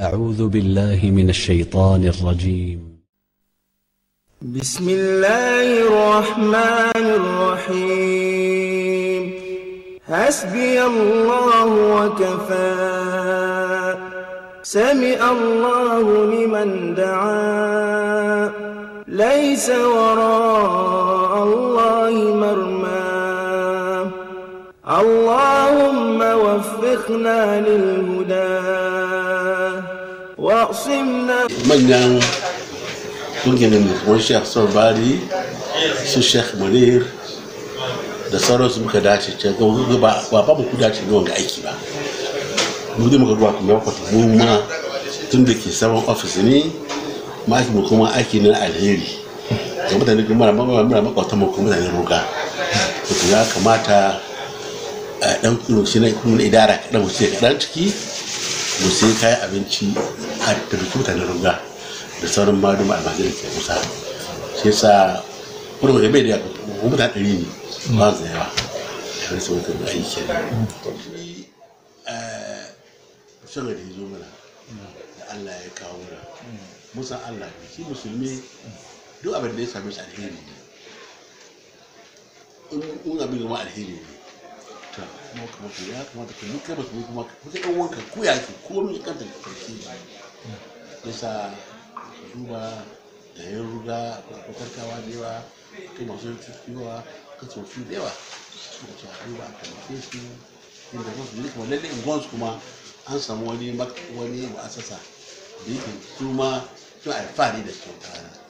أعوذ بالله من الشيطان الرجيم بسم الله الرحمن الرحيم حسبي الله وكفى سمع الله لمن دعا ليس وراء اللهم وفقنا للهدى واعصمنا من كنجن من shek sorbari su shek munir da su muka dace can ba ba mu dace ne wanga aiki ba mu dai muka ruwa kuma kwata mu ma tun da ke sabon office ne ma mu kuma aiki ne alheri ga mutane kuma mara makwata mu kuma mutane ruga to ya kamata a dan shi na kuma idara kaɗan mu sai kaɗan ciki mu sai kayan abinci a tafi na ruga da sauran malum almajirin ke kusa shi yasa kuma da bai da kuma da ɗari ne ba su yawa da wani sauran kuma aiki kenan eh, son da ya zo mana da Allah ya kawo mana musan Allah ne shi musulmi duk abin da ya same shi alheri ne in abin zama alheri ne ta kuma ka maka ya kamata ka yi kai ba su kuma kuka ɗan wanka ko ya ke ko mai kanta da karfi ya sa duba da yin ruga akwai karkawa da yawa akwai masu yawa ka tsofi da yawa suka ce duba a kamfe su inda kuma su ne kuma lallai in gwamnati kuma an samu wani wani ma'asasa da yake su ma sun alfahari da su